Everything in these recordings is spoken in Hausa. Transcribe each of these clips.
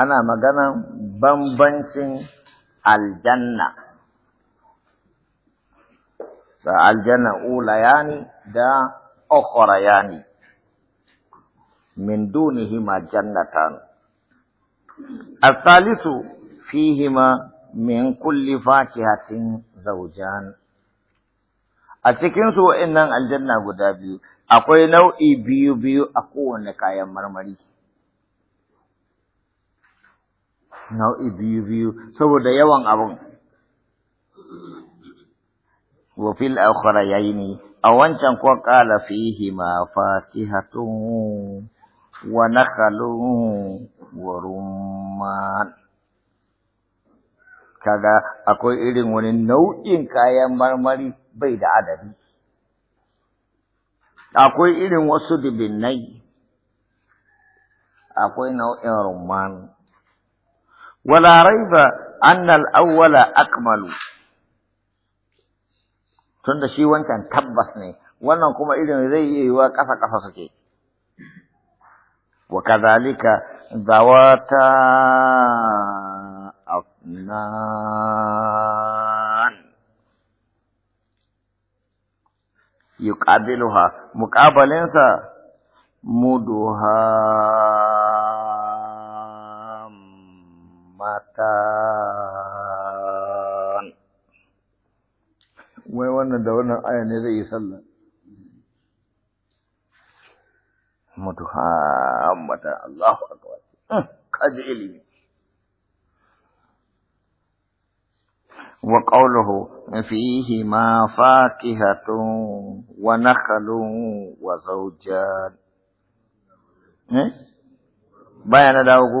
ana maganan bambancin aljanna da aljanna ulayani da yani min dunihima jannatan الثالث فيهما min kulli fakihatin zaujan a cikin su wa'annan aljanna guda biyu akwai nau'i biyu biyu a kowane kayan marmari nau'i biyu biyu saboda yawan abun wa fil akhrayaini a wancan ko qala fihi ma fatihatun wa nakhalun wa rumman kaga akwai irin wani nau'in kayan marmari bai da adadi akwai irin wasu dibinnai akwai nau'in rumman ولا ريب أن الأول أكمل تند شي وان كان تبسني وانا كما إذن ذي وكسا كسا سكي وكذلك ذواتا أفنان يقابلها مقابلين مدهان شتان wai wannan da wannan aya ne zai yi sallah mutuhammatan Allahu akbar kaji ilimi وقوله فيهما فاكهة ونخل وزوجان بيان داوكو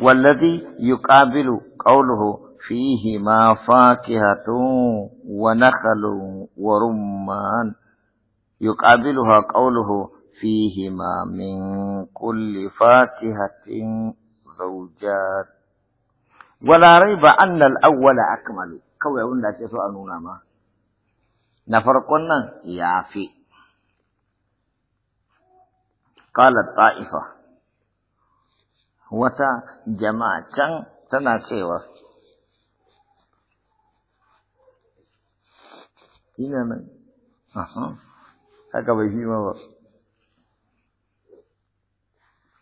والذي يقابل قوله فيهما فاكهة ونخل ورمان يقابلها قوله فيهما من كل فاكهة زوجات ولا ريب أن الأول أكمل كوي أقول لك ما نفرقنا يافي قالت طائفة wata jama'a can tana cewa ina nan haka bai shima ba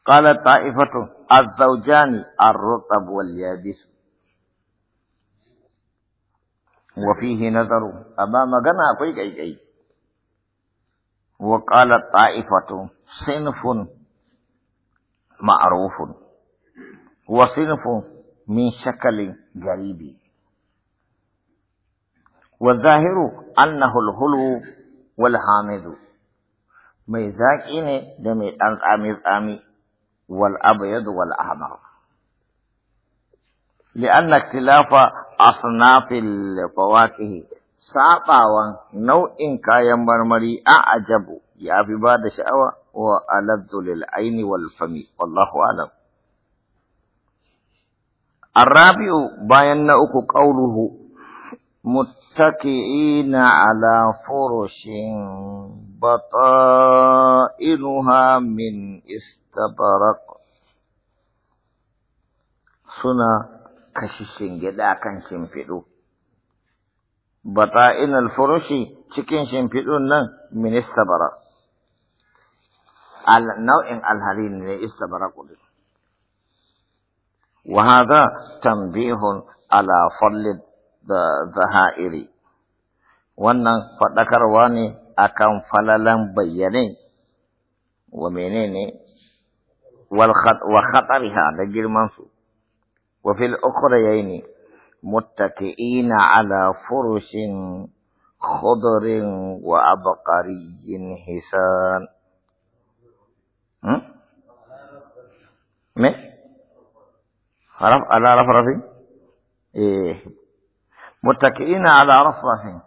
قالت طائفة الزوجان الرطب واليابس وفيه نظر أمام مغنى في كي كي وقالت طائفة صنف معروف وصنف من شكل قريب والظاهر انه الهلو والحامد ميزاكين دمي الانت امي امي والابيض والاحمر لان اختلاف اصناف الفواكه ساقا نوع كايا مرمري اعجب يا بباد شاوى والذ للعين والفم والله اعلم A Rabi'u bayan na uku ƙauluhu, muttaki'ina ala furushin bata min istabarak suna kashi shingida kan shimfiɗu. Bata'inal furushi cikin shimfiɗun nan min istabarak, al nau'in alhari ne istabarak ɗin. وهذا تنبيه على فضل الظهائري وانا فذكر واني اكن فللا بيني ومنيني وخطرها دجير منصور وفي الاخرين متكئين على فرش خضر وعبقري حسان رف... على رفرف إيه متكئين على رفرف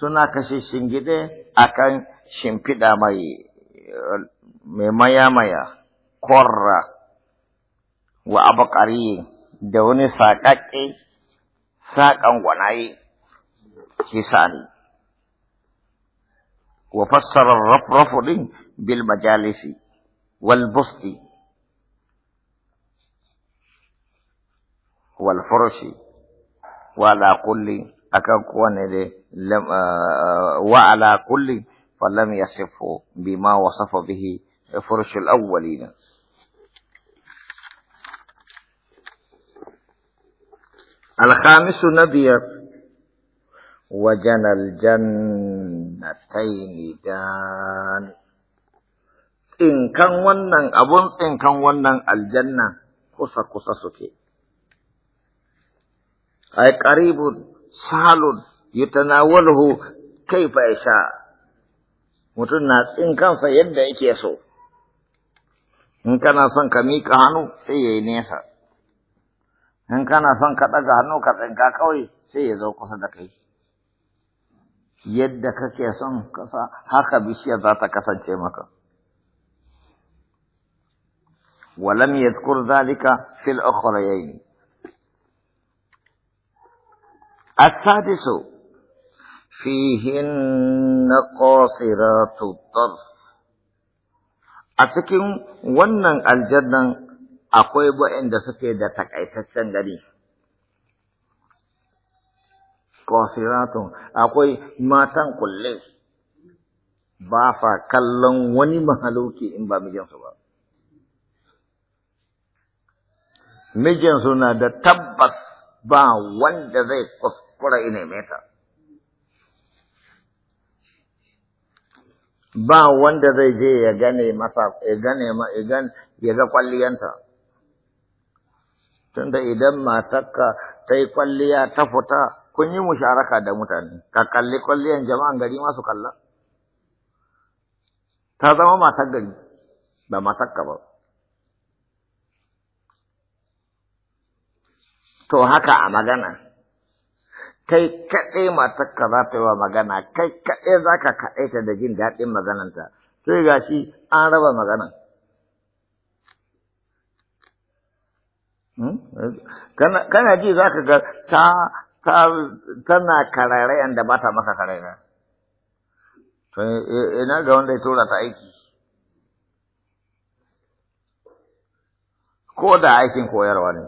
suna kashe shingide akan shimfiɗa mai mai maya-maya korra wa abakari da wani saƙaƙe saƙan gwanaye hisani wa fassarar rafrafu din bil majalisi wal busti wal wa ala kulli akan kowane da ah, ah, wa ala kulli falam yasifu bima wasafa bihi furshul awwalina الخامس نبير وجنى الجنتين دان tsinkan wannan abun tsinkan wannan aljanna kusa kusa suke أي قريب سهل يتناوله كيف يشاء mutum na tsin kansa yadda yake so in kana son ka miƙa hannu sai ya yi nesa in kana son ka ɗaga hannu ka tsinka kawai sai ya zo kusa da kai yadda kake son kasa haka bishiya za ta kasance maka ولم يذكر ذلك في الأخرين السادس فيهن قاصرات a cikin wannan الجنة akwai da suke da takaitaccen gari. Kosiratun akwai matan kulle ba sa kallon wani mahaluki in ba mijinsu ba. Mijinsu na da tabbas ba wanda zai kus kuskura ine meta ba wanda zai je ya gane masa ya gane ma ya gan ya ga kwalliyanta tunda idan matarka ta yi kwalliya ta futa, kun yi musharaka da mutane ka kalli kwalliyan jama'an gari masu kalla ta zama matar gari ba matakka ba to haka a magana kai kaɗai matarka za ta yi wa magana kai kaɗai za ka ta da jin daɗin magananta sai ga shi an raba maganan hmm? kana ji za ka ga ta tana kararayan da ba ta maka karara to e, ina ga wanda ya tura ta aiki ko da aikin koyarwa ne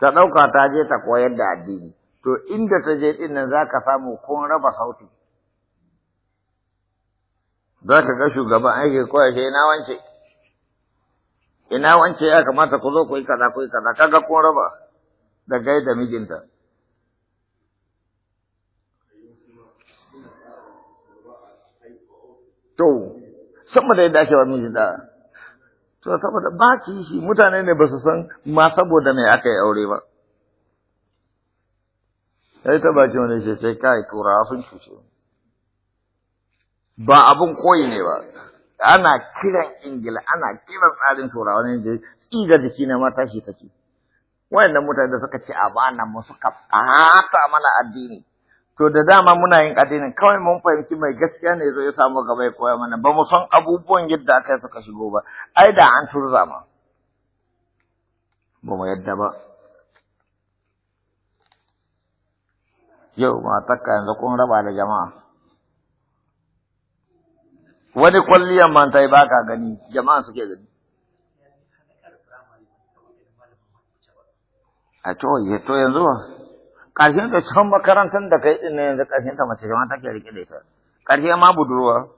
ta ɗauka ta je ta koyar da addini to inda ta je ɗin nan za ka samu kun raba sauti za ka ga shugaban aiki ko yaushe ina wance ina wance ya kamata ku zo ku yi kaza ku yi kaza kaga kun raba da da mijinta to sama da yadda ake wa mijinta, to saboda ba ki shi mutane ne ba su san ma saboda me aka yi aure ba sai ta baki wani shi sai kai tura sun cuce ba abun koyi ne ba ana kiran ingila ana kiran tsarin turawa wani da tsiga jiki na mata shi take wayannan mutane da suka ci a mu suka fata mana addini to da dama muna yin addinin kawai mun fahimci mai gaskiya ne zo ya samu gaba ya koya mana ba mu san abubuwan yadda aka suka shigo ba ai da an turza ma ba mu yadda ba yau matakka yanzu kun raba da jama'a wani kwalliyan man yi baka gani jama'a suke gani a to ya to yanzu ƙarshen ta can makarantar da kai ɗin yanzu ƙarshen ta mace jama'a take rike da ita ƙarshe ma budurwa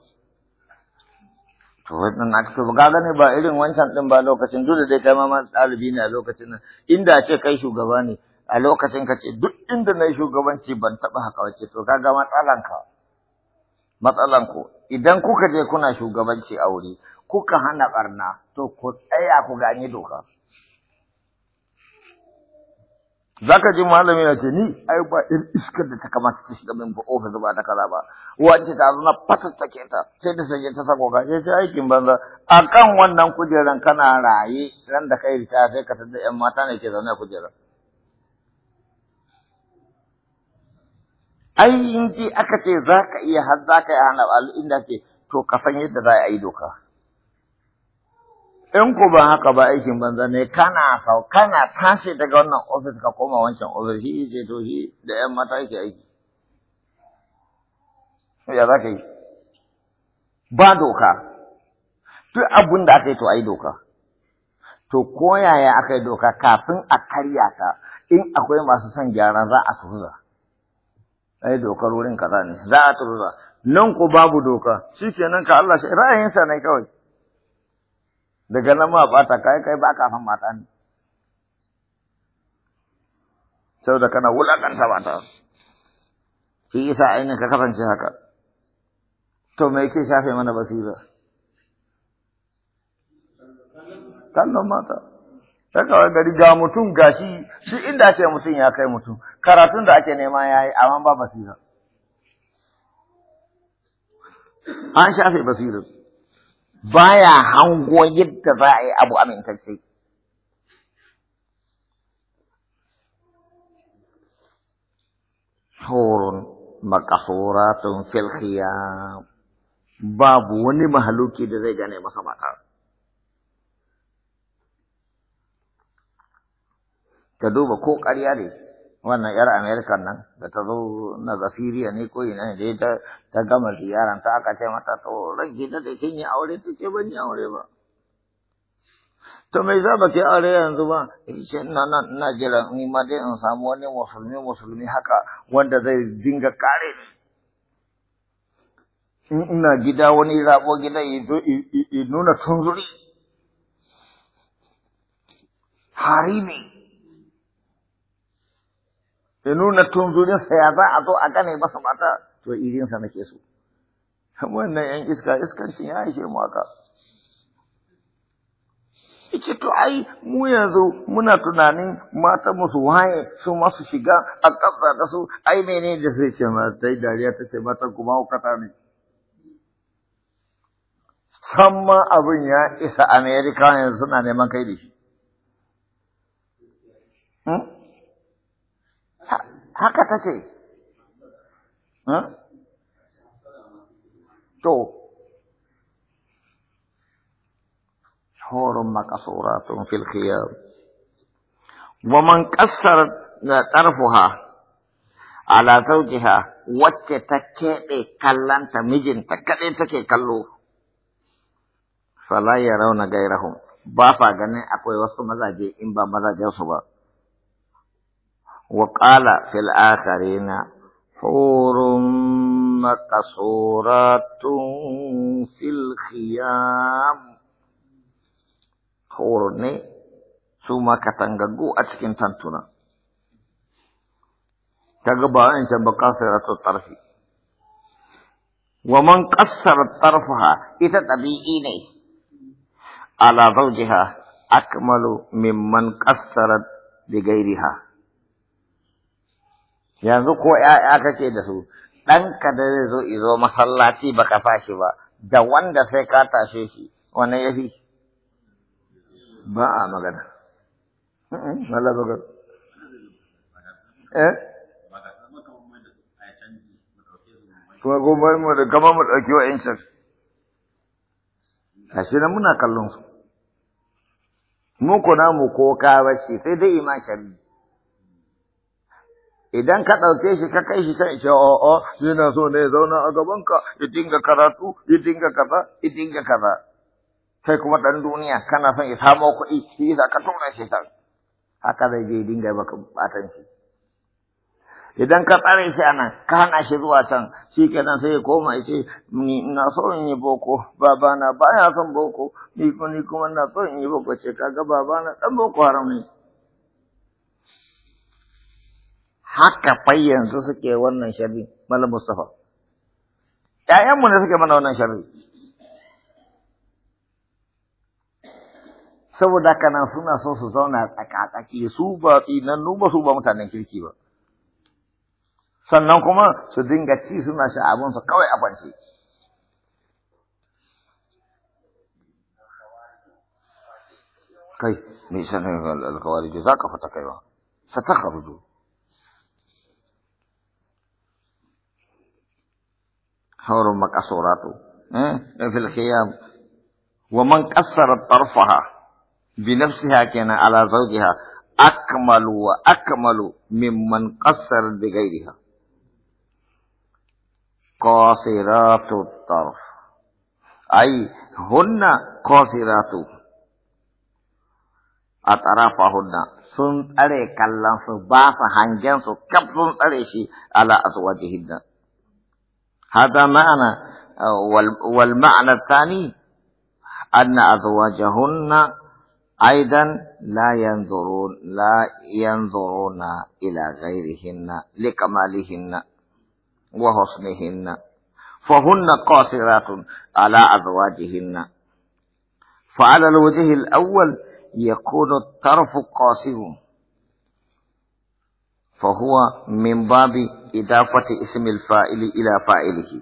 to wannan na to ga gane ba irin wancan din ba lokacin dole dai kai ma ɗalibi ne a lokacin nan inda ce kai shugaba ne a lokacin ka ce duk inda na yi shugabanci ban taɓa haka wace to kaga matsalanka matsalanku ku idan kuka je kuna shugabanci a wuri kuka hana ɓarna to ku tsaya ku gani doka zaka ji malami na ce ni ai ba irin iskar da ta kamata ta shiga min ofis ba ta kaza ba wace ta zuna fatattake ta sai da sanya ta sako ka eh, sai aikin banza a kan wannan kujeran kana raye ran da kai rita sai ka tada yan mata ne ke zaune a kujeran ai in ji aka ce za ka iya har za ka yi hana inda ce to ka san yadda za a yi doka in ku ba haka ba aikin banza ne kana sau kana tashi daga wannan ofis ka koma wancan ofis shi ce to shi da yan mata yake aiki ya za ka yi ba doka duk abun da aka yi to a yi doka to koyaya aka yi doka kafin a karya in akwai masu son gyara za a tuhuza ai dokar wurin kaza ne za a turza nan ko babu doka shikenan ka Allah shi ra'ayinsa ne kawai daga nan ma bata kai kai ba ka san mata ne saboda kana wulakanta mata shi isa ainihin ka kasance haka to me yake shafe mana basira kallon mata Saka gari ga mutum gashi shi inda ake mutum ya kai mutum, karatun da ake nema ya yi amma ba basira. An shafe Ba Baya hango yadda za a yi abu amintacce. Horon makasoratun filkiya babu wani mahaluki da zai gane masa matar. ka duba ko ƙarya ne wannan yar amerika nan da ta zo na zafiriya ne ko ina ne dai ta gama ziyaran ta aka ce mata to rage da kin yi aure ta ce ban yi aure ba to me za ba ke aure yanzu ba ce na na jira ni ma dai in samu wani musulmi musulmi haka wanda zai dinga kare ni ina gida wani rabo gida ya nuna tunzuri hari ya nuna tunzurinsa ya za a zo a gane masa mata to irinsa nake so wannan yan iska iskancin ya ishe mu haka ice to ai mu yanzu muna tunanin mata musu waye su masu shiga a ƙasa da su ai mene da sai ce ma ta dariya ta ce mata kuma hukata ne san ma abin ya isa amerika yanzu suna neman kai da shi haka ce, to, horon makasauratun wa. waman ƙasar da ƙarfuha, ala zaujiha wacce ta keɓe kallanta mijinta kaɗai take kallo, sala ya rauna gairahun, ba sa ganin akwai wasu mazaje in ba mazajensu ba. وقال في الآخرين حور مقصورات في الخيام حور ني سوما كتنغغو أتكين تنتونا تغبائن جنبقى فرات الطرف ومن قصر طرفها إذا طبيعيني على ضوجها أكمل ممن قصرت بغيرها yanzu ko ‘ya'ya kake da su, ɗanka da zai zo izo masallaci ba ka fashi ba, da wanda sai ka tashe shi, wannan ya fi? Ba a magana. Allah ba Eh? Kuma gobar mu da gama mu ɗauki wa muna kallon su. Mu ko namu ko ka bashi sai dai ima idan ka ɗauke shi ka kai shi sai ce o'o oh, oh, yana so ne ya zauna a gabanka ya dinga karatu ya dinga kaza ya dinga kaza sai kuma ɗan duniya kana son ya samo kuɗi shi yasa ka tura shi haka zai je dinga baka batan idan ka tsare shi anan ka hana shi zuwa can shi nan sai ya koma ya ce ni ina so in yi boko babana baya son boko ni kuma ni ina so in yi boko ce kaga babana dan boko haram ne haka fai yanzu suke wannan sharri malam Mustafa ƴaƴanmu ne suke mana wannan sharri saboda kana suna so su zauna tsakatsaki su ba tsinannu ba su ba mutanen kirki ba sannan kuma su dinga ci suna sha su kawai a kwance kai mai sanin alkawari za ka fita kaiwa sa ta حور مقصورات في الخيام ومن قصرت طرفها بنفسها كان على زوجها أكمل وأكمل ممن قصرت بغيرها قاصرات الطرف أي هن قاصرات أطرافهن سن أري كلا سباس هنجان سكب سن أري شي على أزواجهن هذا معنى والمعنى الثاني أن أزواجهن أيضا لا ينظرون لا ينظرون إلى غيرهن لكمالهن وحسنهن فهن قاصرات على أزواجهن فعلى الوجه الأول يكون الطرف قاصر فهو من باب إضافة اسم الفائل إلى فائله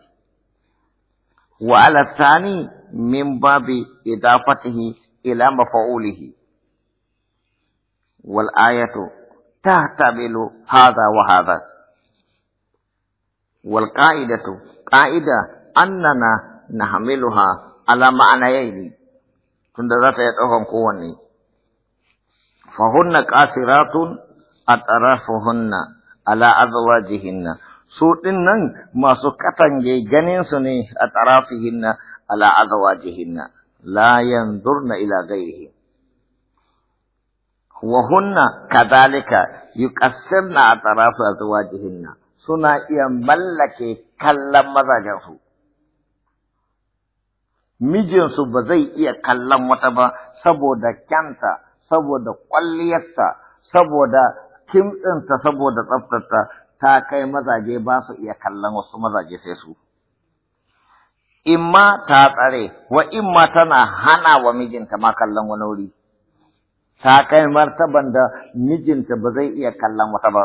وعلى الثاني من باب إضافته إلى مفعوله والآية تحتمل هذا وهذا والقاعدة قاعدة أننا نحملها على معنيين كنت ذات ta قواني فهن قاسرات Fahunna ala azwajihinna su ɗinnan masu katange ganin su ne a tarafihinna ala azwajihinna la yanzurna ila ghayrihi wa hunna kadhalika yuqassirna atraf azwajihinna suna iya mallake kallon su. mijinsu ba zai iya kallon wata ba saboda kyanta saboda kwalliyarta saboda ɗinta saboda tsaftarta ta kai mazaje ba su iya kallon wasu mazaje sai su. ma ta tsare, wa ma tana hana wa mijinta ma kallon wani wuri, ta kai martaban da mijinta ba zai iya kallon wata ba.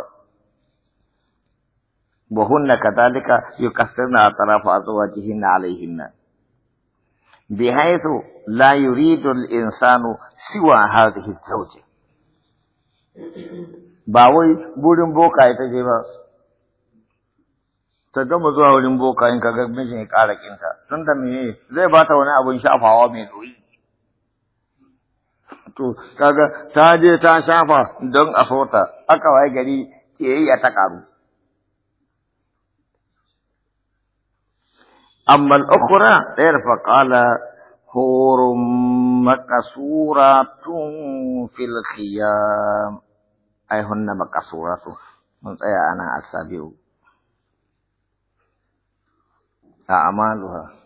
وهن كذلك nan. Bi أزواجهن عليهن بحيث لا يريد insanu siwa هذه الزوجة ba wai gurin bokaye take ba ta gama zuwa wurin bokayen kaga mijin ya ƙara kinta tun da me zai bata wani abun shafawa mai tsoyi to kaga ta je ta shafa don a sota aka waye gari kiyayya ta karu amma al-ukhra ɗayar fa qala hurum maqsuratun fil khiyam ai hunna maqasuratu mun tsaya ana asabiu a'maluha